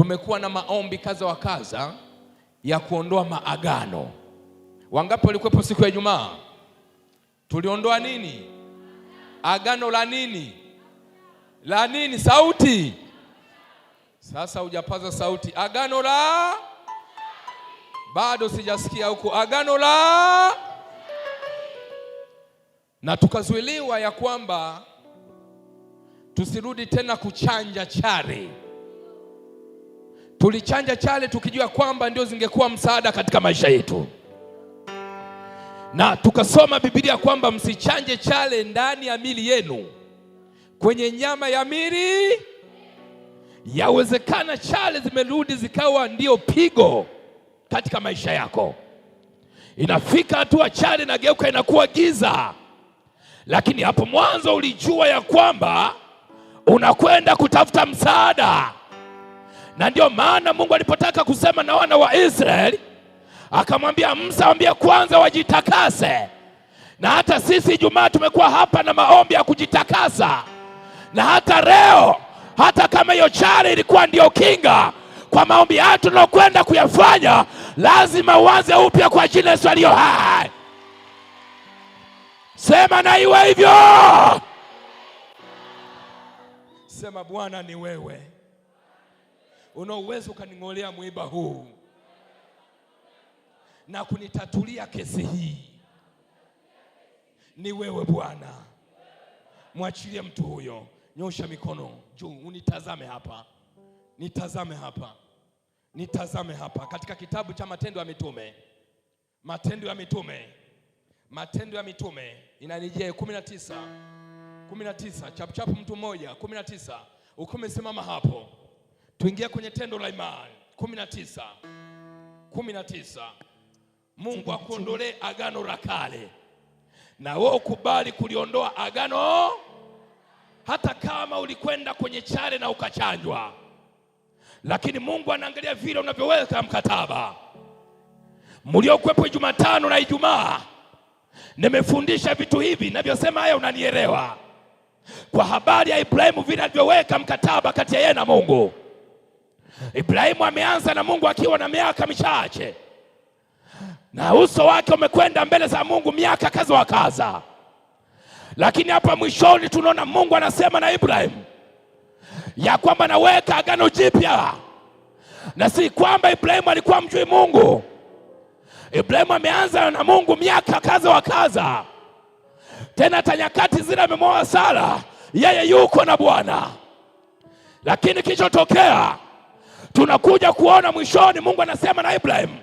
Tumekuwa na maombi kaza wa kaza ya kuondoa maagano. Wangapi walikuwepo siku ya Ijumaa? Tuliondoa nini? Agano la nini? La nini? Sauti. Sasa hujapaza sauti. Agano la bado sijasikia huko. Agano la na tukazuiliwa ya kwamba tusirudi tena kuchanja chari. Tulichanja chale tukijua kwamba ndio zingekuwa msaada katika maisha yetu, na tukasoma Biblia kwamba msichanje chale ndani ya mili yenu, kwenye nyama ya mili. Yawezekana chale zimerudi zikawa ndio pigo katika maisha yako. Inafika hatua chale geuka inakuwa giza, lakini hapo mwanzo ulijua ya kwamba unakwenda kutafuta msaada na ndio maana Mungu alipotaka kusema na wana wa Israeli akamwambia Musa, ambia kwanza wajitakase. Na hata sisi Ijumaa tumekuwa hapa na maombi ya kujitakasa, na hata leo, hata kama hiyo chale ilikuwa ndiyo kinga kwa maombi hayo tunaokwenda kuyafanya, lazima uanze upya kwa jina Yesu aliyo hai. Sema na iwe hivyo, sema Bwana ni wewe una uwezo ukaning'olea mwiba huu na kunitatulia kesi hii. Ni wewe Bwana, mwachilie mtu huyo. Nyosha mikono juu, unitazame hapa, nitazame hapa, nitazame hapa, katika kitabu cha Matendo ya Mitume, Matendo ya Mitume, Matendo ya Mitume inanijia 19 19, chapuchapu mtu mmoja 19, ukumesimama hapo Tuingia kwenye tendo la imani kumi na tisa kumi na tisa Mungu akuondolee agano la kale, na wewe ukubali kuliondoa agano, hata kama ulikwenda kwenye chale na ukachanjwa, lakini Mungu anaangalia vile unavyoweka mkataba. Mliokuwepo Jumatano na Ijumaa nimefundisha vitu hivi, navyosema haya, unanielewa? Kwa habari ya Ibrahimu vile alivyoweka mkataba kati ya yeye na Mungu. Ibrahimu ameanza na Mungu akiwa na miaka michache, na uso wake umekwenda mbele za Mungu miaka kaza wa kaza, lakini hapa mwishoni tunaona Mungu anasema na Ibrahimu ya kwamba naweka agano jipya, na si kwamba Ibrahimu alikuwa mjui Mungu. Ibrahimu ameanza na Mungu miaka kaza wa kaza tena hata nyakati zile amemwoa Sara, yeye yuko na Bwana, lakini kilichotokea Tunakuja kuona mwishoni, Mungu anasema na Ibrahimu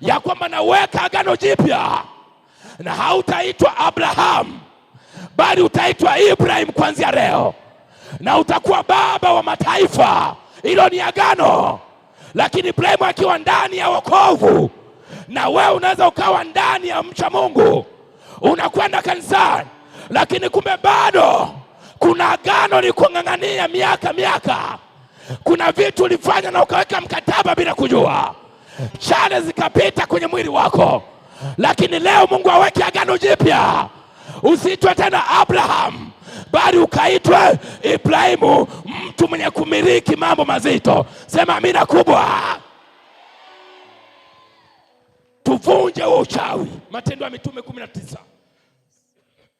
ya kwamba naweka agano jipya na hautaitwa Abrahamu bali utaitwa Ibrahim kuanzia leo, na utakuwa baba wa mataifa. Hilo ni agano, lakini Ibrahimu akiwa ndani ya wokovu, na wewe unaweza ukawa ndani ya mcha Mungu, unakwenda kanisani, lakini kumbe bado kuna agano ni miaka miaka kuna vitu ulifanya na ukaweka mkataba bila kujua, chale zikapita kwenye mwili wako, lakini leo Mungu aweke agano jipya. Usiitwe tena Abrahamu bali ukaitwe Ibrahimu, mtu mwenye kumiliki mambo mazito. Sema amina kubwa. Tuvunje huo uchawi. Matendo ya Mitume kumi na tisa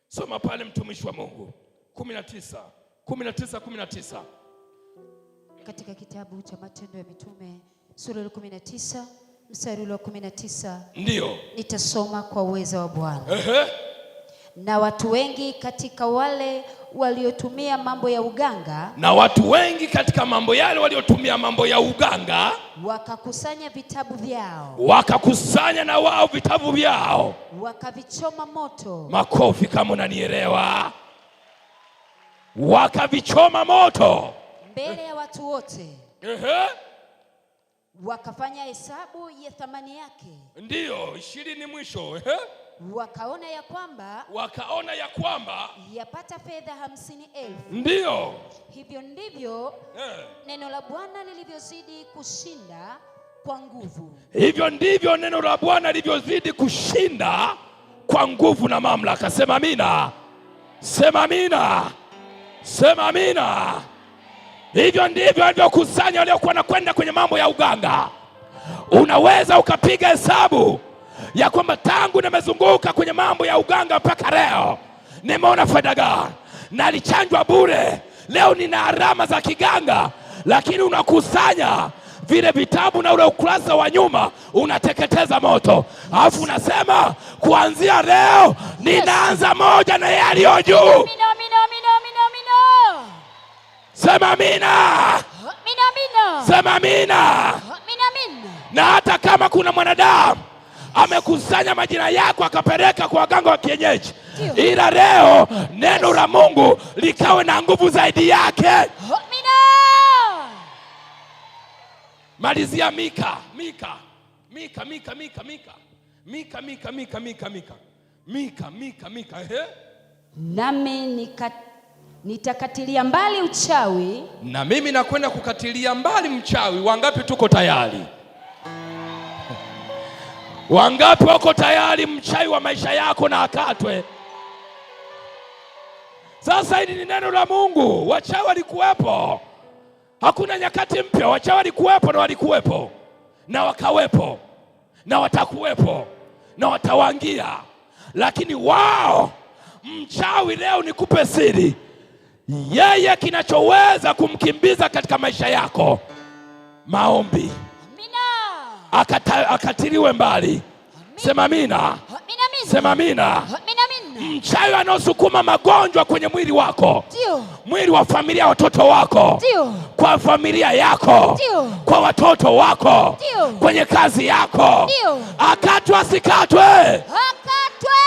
soma pale, mtumishi wa Mungu kumi na tisa kumi na tisa kumi na tisa katika kitabu cha Matendo ya Mitume sura ya 19 mstari ule wa 19, ndio nitasoma kwa uweza wa Bwana. Ehe. Na watu wengi katika wale waliotumia mambo ya uganga, na watu wengi katika mambo yale waliotumia mambo ya uganga wakakusanya vitabu vyao, wakakusanya na wao vitabu vyao, wakavichoma moto. Makofi kama unanielewa, wakavichoma moto mbele ya watu wote Ehe. wakafanya hesabu ya thamani yake. Ndiyo, ishirini mwisho. Ehe. Wakaona ya kwamba wakaona ya kwamba yapata fedha hamsini elfu. Ndiyo, hivyo ndivyo eh, neno la Bwana lilivyozidi kushinda kwa nguvu. Hivyo ndivyo neno la Bwana lilivyozidi kushinda kwa nguvu na mamlaka. Sema mina sema mina sema mina. Hivyo ndivyo alivyokusanya waliokuwa nakwenda kwenye mambo ya uganga. Unaweza ukapiga hesabu ya kwamba tangu nimezunguka kwenye mambo ya uganga mpaka leo nimeona faida gani? Nalichanjwa bure, leo nina alama za kiganga, lakini unakusanya vile vitabu na ule ukurasa wa nyuma unateketeza moto, alafu unasema kuanzia leo ninaanza moja na yeye aliyo juu. Sema amina. Sema amina. Na hata kama kuna mwanadamu amekusanya majina yako akapeleka kwa waganga wa kienyeji, ila leo neno la Mungu likawe na nguvu zaidi yake. Malizia Mika, Mika, Mika, Mika, Mika, Mika, Mika, Mika, Mika, Mika, Mika, Mika, Mika, Mika, Mika, Mika, Mika, nitakatilia mbali uchawi. Na mimi nakwenda kukatilia mbali mchawi. Wangapi tuko tayari? Wangapi wako tayari mchawi wa maisha yako na akatwe? Sasa hili ni neno la Mungu. Wachawi walikuwepo, hakuna nyakati mpya. Wachawi walikuwepo na walikuwepo na wakawepo na watakuwepo na watawangia, lakini wao mchawi, leo nikupe siri yeye kinachoweza kumkimbiza katika maisha yako, maombi. Amina. Akatiliwe mbali. Amina. Sema amina. Sema amina. Mchayo anaosukuma magonjwa kwenye mwili wako, Dio. mwili wa familia ya watoto wako, Dio. kwa familia yako, Dio. kwa watoto wako, Dio. kwenye kazi yako, akatwa akatwe asikatwe, akatwe.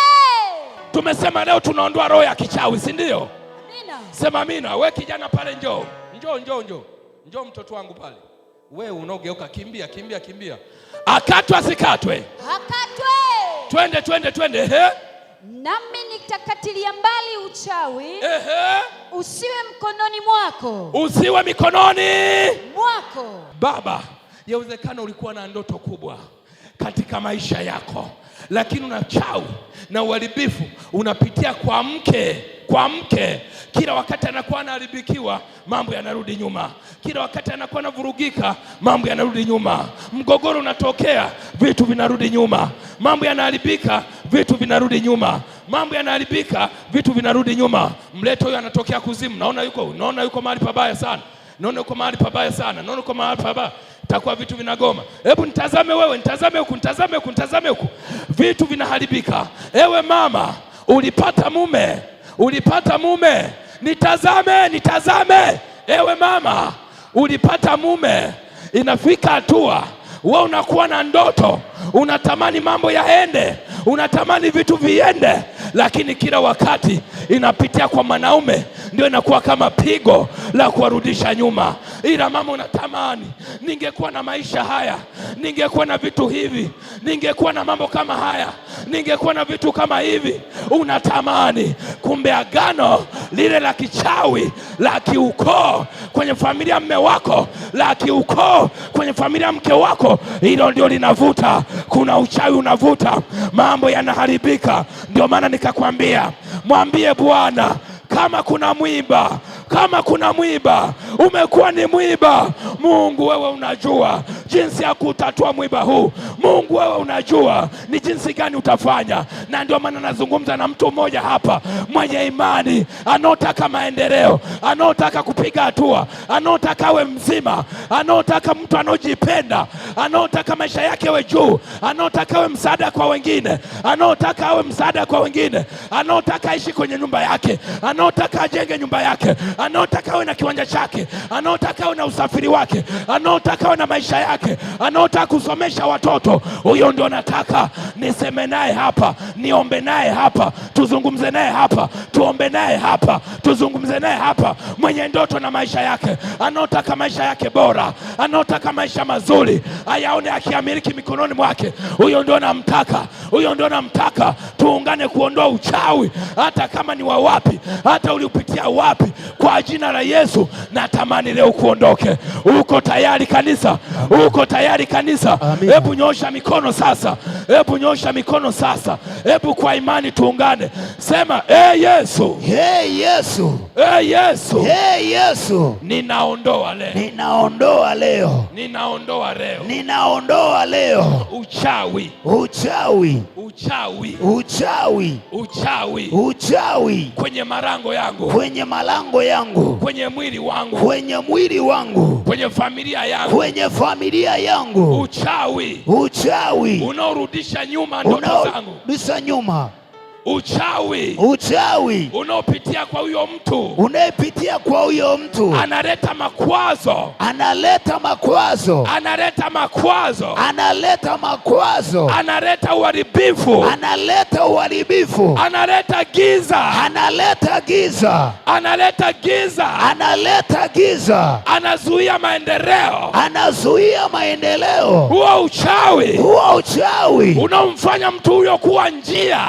Tumesema leo tunaondoa roho ya kichawi, si ndio? Sema amina. We kijana pale, njoo njoo njoo njoo njoo, mtoto wangu pale. We unaogeuka, kimbia kimbia kimbia, akatwe asikatwe, akatwe. Twende twende twende, ehe Nami nitakatilia mbali uchawi. Ehe. Usiwe mkononi mwako, usiwe mikononi mwako. Baba, yawezekana ulikuwa na ndoto kubwa katika maisha yako, lakini unachawi na uharibifu unapitia kwa mke kwa mke kila wakati anakuwa anaharibikiwa, mambo yanarudi nyuma. Kila wakati anakuwa anavurugika, mambo yanarudi nyuma. Mgogoro unatokea, vitu vinarudi nyuma. Mambo yanaharibika, vitu vinarudi nyuma. Mambo yanaharibika, vitu vinarudi nyuma. mleto huyo anatokea kuzimu, naona yuko, naona yuko mahali pabaya sana, naona yuko mahali pabaya sana, naona yuko mahali pabaya takuwa vitu vinagoma. Hebu nitazame wewe, nitazame huku, nitazame huku, nitazame huku, vitu vinaharibika. Ewe mama, ulipata mume, ulipata mume, nitazame, nitazame. Ewe mama, ulipata mume, inafika hatua wewe unakuwa na ndoto, unatamani mambo yaende, unatamani vitu viende, lakini kila wakati inapitia kwa mwanaume, ndio inakuwa kama pigo la kuwarudisha nyuma. Ila mama, unatamani ningekuwa na maisha haya, ningekuwa na vitu hivi, ningekuwa na mambo kama haya, ningekuwa na vitu kama hivi, unatamani. Kumbe agano lile la kichawi la kiukoo kwenye familia mme wako, la kiukoo kwenye familia mke wako, hilo ndio linavuta. Kuna uchawi unavuta, mambo yanaharibika. Ndio maana nikakwambia, mwambie Bwana kama kuna mwiba, kama kuna mwiba, umekuwa ni mwiba, Mungu wewe unajua jinsi ya kutatua mwiba huu. Mungu wewe unajua ni jinsi gani utafanya, na ndio maana nazungumza na mtu mmoja hapa mwenye imani, anaotaka maendeleo, anaotaka kupiga hatua, anaotaka awe mzima, anaotaka mtu anaojipenda, anaotaka maisha yake awe juu, anaotaka awe msaada kwa wengine, anaotaka awe msaada kwa wengine, anaotaka aishi kwenye nyumba yake, anaotaka ajenge nyumba yake, anaotaka awe na kiwanja chake, anaotaka awe na usafiri wake, anaotaka awe na maisha yake, anaotaka kusomesha watoto moto. Huyo ndio nataka niseme naye hapa, niombe naye hapa, tuzungumze naye hapa, tuombe naye hapa, tuzungumze naye hapa. Mwenye ndoto na maisha yake, anaotaka maisha yake bora, anaotaka maisha mazuri, ayaone akiamiliki mikononi mwake, huyo ndio namtaka, huyo ndio namtaka. Tuungane kuondoa uchawi, hata kama ni wa wapi, hata uliupitia wapi, kwa jina la Yesu natamani leo kuondoke. Uko tayari kanisa? Uko tayari kanisa? Hebu nyosha nyosha mikono sasa, hebu nyosha mikono sasa, hebu kwa imani tuungane, sema hey ee Yesu, hey Yesu, hey ee Yesu, hey Yesu, ninaondoa leo, ninaondoa leo, ninaondoa leo, ninaondoa leo uchawi, uchawi, uchawi, uchawi, uchawi, uchawi kwenye marango yangu, kwenye marango yangu, kwenye mwili wangu, kwenye mwili wangu, kwenye familia yangu, kwenye familia yangu, uchawi, uchawi uchawi unaorudisha nyuma ndoto zangu, nyuma Uchawi, uchawi unaopitia kwa huyo mtu, unayepitia kwa huyo mtu analeta makwazo, analeta makwazo, analeta makwazo, analeta makwazo, analeta uharibifu, analeta uharibifu, analeta giza, analeta giza, analeta giza, analeta giza, anazuia maendeleo, anazuia maendeleo. Huo uchawi, huo uchawi unaomfanya mtu huyo kuwa njia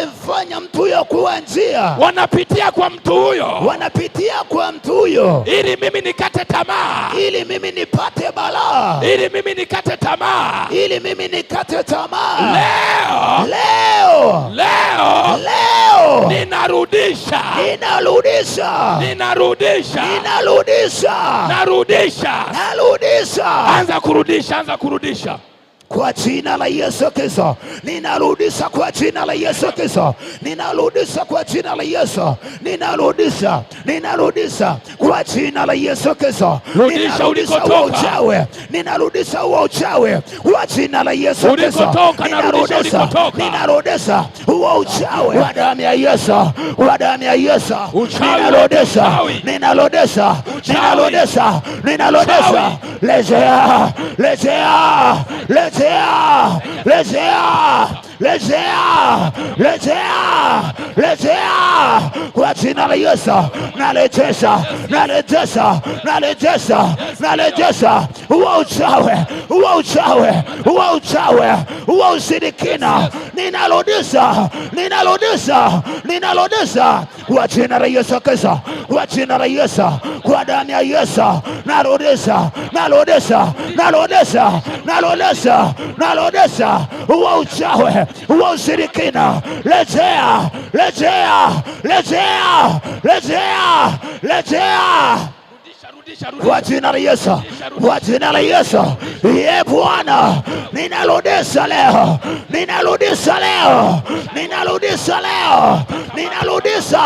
anayemfanya mtu huyo kuwa njia, wanapitia kwa mtu huyo, wanapitia kwa mtu huyo, ili mimi nikate tamaa, ili mimi nipate balaa, ili mimi nikate tamaa, ili mimi nikate tamaa. Leo, leo, leo, leo ninarudisha, ninarudisha, ninarudisha, ninarudisha, narudisha, narudisha. Anza kurudisha, anza kurudisha kwa jina la Yesu Kristo, ninarudisha kwa jina la Yesu Kristo, ninarudisha kwa jina la Yesu, ninarudisha, ninarudisha kwa jina la Yesu Kristo, ninarudisha ulikotoka uchawi, ninarudisha uo uchawi kwa jina la Yesu Kristo, ninarudisha, ninarudisha uo uchawi kwa damu ya Yesu, kwa damu ya Yesu, ninarudisha, ninarudisha, ninarudisha, ninarudisha, lejea, lejea, lejea Lejea, lejea, lejea, lejea, Rejea kwa jina la Yesu, narejesha, narejesha, narejesha, narejesha uwo uchawi, uwo uchawi, uwo uchawi, uwo ushirikina, ninarudisha, ninarudisha, ninarudisha kwa jina la Yesu Kristo, kwa jina la Yesu, kwa damu ya Yesu, narudisha, narudisha, narudisha, narudisha, narudisha uwo uchawi, uwo ushirikina, rejea, rejea rejea, rejea, rejea, rejea kwa jina la Yesu, kwa jina la Yesu. Ye ee Bwana, ninarudisha leo, ninarudisha leo, ninarudisha leo, ninarudisha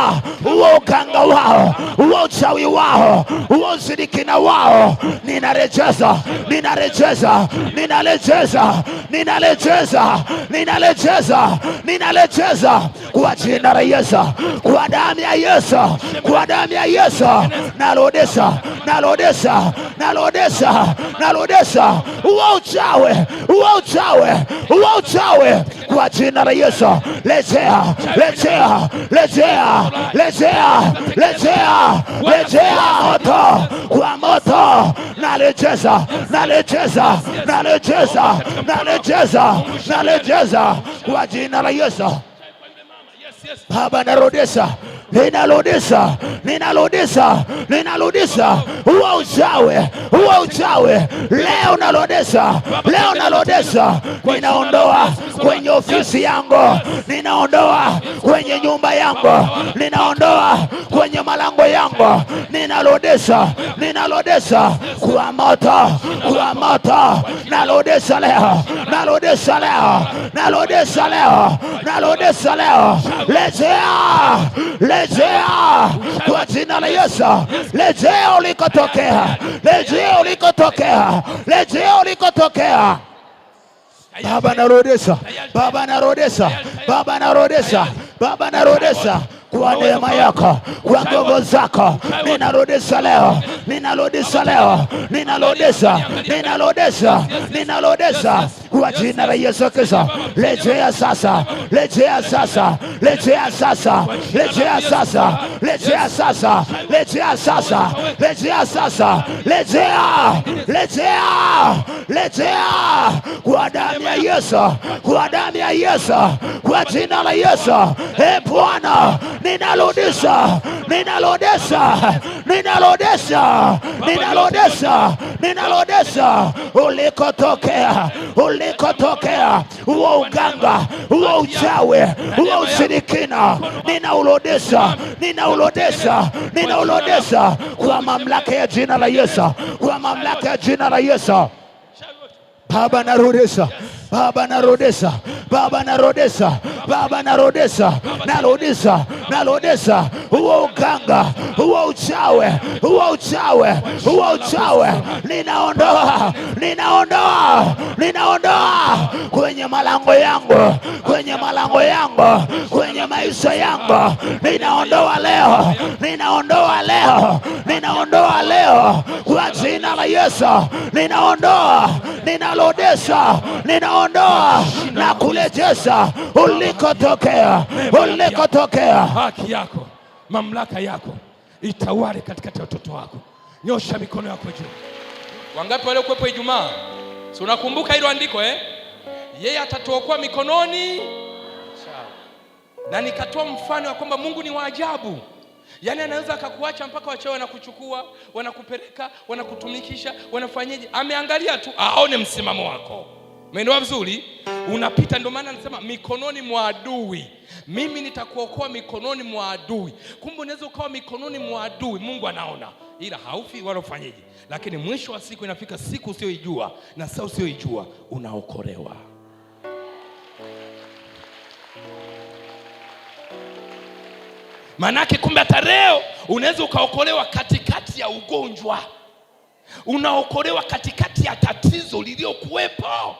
huo uganga wao, huo uchawi wao, huo ushirikina wao, ninarejeza, ninarejeza, ninarejeza, ninarejeza, ninarejeza, ninarejeza kwa jina la Yesu, kwa damu ya Yesu, kwa damu ya Yesu narudisha nalodesa nalodesa nalodesa, uwa uchawe uwa uchawe uwa uchawe kwa jina la Yesu. Lezea lezea lezea lezea lezea lezea moto kwa moto, nalejeza nalejeza nalejeza nalejeza nalejeza kwa jina la Yesu. Baba, narudisha ninarudisha, ninarudisha, ninarudisha. Huwa uchawe, huwa uchawe, leo narudisha, leo narudisha. Ninaondoa kwenye ofisi yangu, ninaondoa kwenye nyumba yangu, ninaondoa kwenye malango yangu, ninarudisha, ninarudisha kwa moto, kwa moto. Narudisha leo, narudisha leo, narudisha leo, narudisha leo, leo Rejea kwa jina la Yesu, rejea ulikotokea, rejea ulikotokea, rejea ulikotokea. Baba rodesa Baba rodesa Baba rodesa Baba narudisha kwa neema yako, kwa nguvu zako, ninarudisha leo ninalodesa leo, ninalodesa, ninalodesa, ninalodesa kwa jina la Yesu Kristo. Lejea sasa, lejea sasa, lejea sasa, lejea sasa, lejea sasa, lejea sasa, lejea sasa, lejea lejea, lejea kwa damu ya Yesu, kwa damu ya Yesu, kwa jina la Yesu. E Bwana, ninalodesa, ninalodesa ninalodesha, ninalodesha, ninalodesha ulikotokea, ulikotokea huo uganga, huo uchawi, huo ushirikina, ninaulodesha, ninaulodesha, ninaulodesha kwa mamlaka ya jina la Yesu, kwa mamlaka ya jina la Yesu. Baba narudisha Baba narudisha, Baba narudisha, Baba narudisha, na narudisha huo uganga, huo uchawe, huo uchawe, huo uchawe, ninaondoa, ninaondoa, ninaondoa kwenye malango yangu, kwenye malango yangu, kwenye maisha yangu, ninaondoa leo, ninaondoa leo, ninaondoa leo kwa jina la Yesu, ninaondoa, ninalodesa, ninaondoa kuondoa na kurejesha ulikotokea, ulikotokea. Haki yako, mamlaka yako itawale katikati ya watoto wako. Nyosha mikono yako juu. Wangapi waliokuwepo Ijumaa? Si unakumbuka hilo andiko eh? Yeye atatuokoa mikononi na nikatoa mfano wa kwamba Mungu ni wa ajabu, yaani anaweza akakuacha mpaka wachawi wanakuchukua, wanakupeleka, wanakutumikisha, wanafanyaje? Ameangalia tu aone msimamo wako. Umeelewa vizuri? Unapita, ndio maana anasema mikononi mwa adui, mimi nitakuokoa mikononi mwa adui. Kumbe unaweza ukawa mikononi mwa adui, Mungu anaona, ila haufi wala ufanyeje, lakini mwisho wa siku inafika siku usiyoijua na saa usiyoijua unaokolewa. maanaake kumbe hata leo unaweza ukaokolewa katikati ya ugonjwa, unaokolewa katikati ya tatizo lililokuwepo.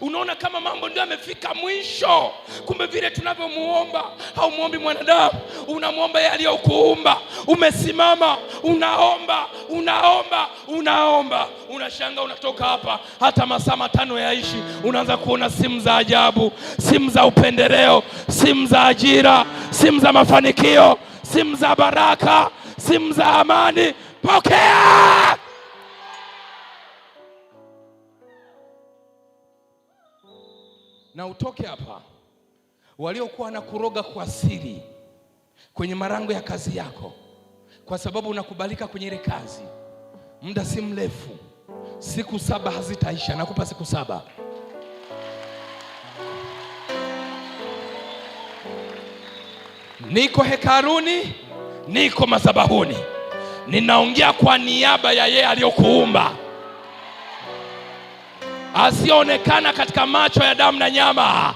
Unaona kama mambo ndio yamefika mwisho, kumbe vile tunavyomuomba haumwombi mwanadamu, unamwomba yeye aliyokuumba. Umesimama unaomba, unaomba, unaomba, unashanga unatoka hapa hata masaa matano yaishi, unaanza kuona simu za ajabu, simu za upendeleo, simu za ajira, simu za mafanikio, simu za baraka, simu za amani. Pokea. na utoke hapa. Waliokuwa na kuroga kwa siri kwenye marango ya kazi yako, kwa sababu unakubalika kwenye ile kazi, muda si mrefu, siku saba hazitaisha. Nakupa siku saba. Niko hekaruni, niko madhabahuni, ninaongea kwa niaba ya yeye aliyokuumba asiyoonekana katika macho ya damu na nyama,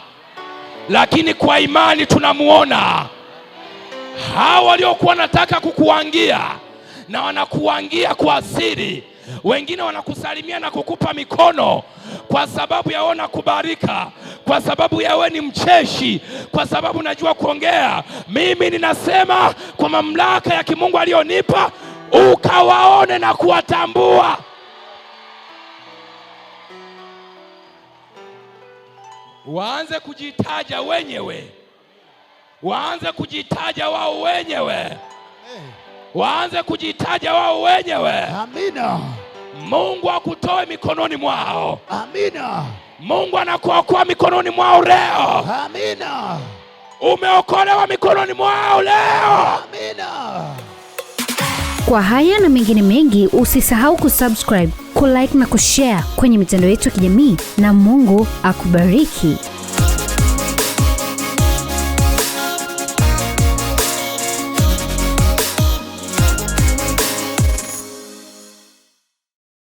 lakini kwa imani tunamuona. Hawa waliokuwa wanataka kukuangia na wanakuangia kwa siri, wengine wanakusalimia na kukupa mikono kwa sababu ya wewe kwa sababu ya wewe ni mcheshi, kwa sababu najua kuongea. Mimi ninasema kwa mamlaka ya kimungu aliyonipa, ukawaone na kuwatambua. waanze kujitaja wenyewe, waanze kujitaja wao wenyewe, waanze kujitaja wao wenyewe. Amina. Mungu akutoe mikononi mwao. Amina. Mungu anakuokoa mikononi mwao leo. Amina. Umeokolewa mikononi mwao leo. Amina. Kwa haya na mengine mengi, usisahau kusubscribe kulike na kushare kwenye mitandao yetu ya kijamii, na Mungu akubariki.